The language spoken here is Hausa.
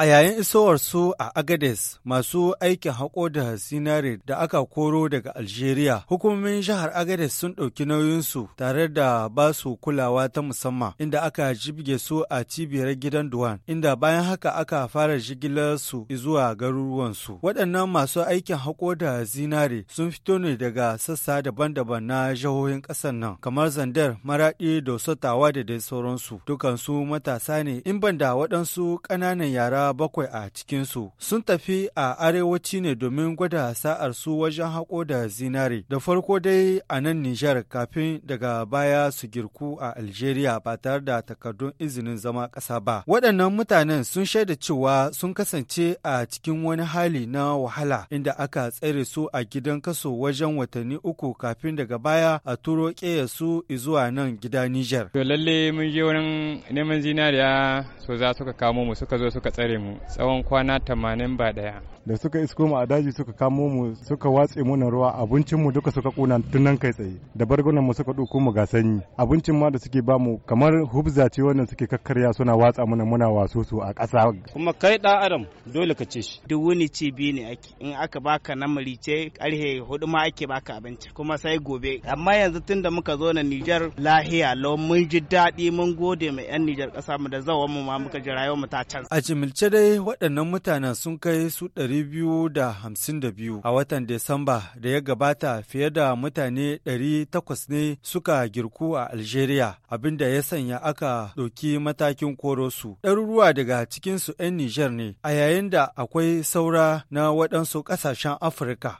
A yayin isowarsu a Agades masu aikin haƙo da zinare da aka koro daga Algeria, hukumomin jihar Agades sun ɗauki nauyinsu tare da ba su kulawa ta musamman inda aka jibge su a cibiyar gidan Duwan, inda bayan haka aka fara jigilarsu zuwa garuruwansu. Waɗannan masu aikin haƙo da zinare sun fito ne daga sassa daban-daban na jihohin ƙasar nan, kamar Zandar, Maraɗi, Dosotawa da dai sauransu. Dukansu matasa ne, in ban da waɗansu ƙananan yara bakwai a cikinsu sun tafi a arewaci ne domin gwada sa'ar su wajen haƙo da zinare da farko dai a nan Nijar kafin daga baya su girku a Algeria ba tare da takardun izinin zama ƙasa ba. Waɗannan mutanen sun shaida cewa sun kasance a cikin wani hali na wahala inda aka tsare su a gidan kaso wajen watanni uku kafin daga baya a turo ƙeya su zuwa nan gida Nijar. To lalle mun je wurin neman zinariya so za suka kamo mu suka zo suka tsare mu tsawon kwana tamanin ba ɗaya da suka isko mu a daji suka kamo mu suka watse mu ruwa abincin mu duka suka kuna tun nan kai tsaye da bargunan mu suka ɗauko mu ga sanyi abincin ma da suke bamu kamar hubza ce wannan suke kakkarya suna watsa mana muna waso su a ƙasa kuma kai da adam dole ka ce shi duk wani ci bi ne ake in aka baka na marice karhe hudu ma ake baka abinci kuma sai gobe amma yanzu tunda muka zo na Nijar lahiya lau mun ji daɗi mun gode mai yan Nijar ƙasa mu da zawon mu ma muka ji rayuwar mu ta can a jimilce dai waɗannan mutanen sun kai su ɗari 2,252 a watan Disamba da ya gabata fiye da mutane 800 ne suka girku a Algeria, abinda ya sanya aka ɗauki matakin korosu. Ɗaruruwa daga cikinsu 'yan Nijar ne, a yayin da akwai saura na waɗansu ƙasashen Afirka.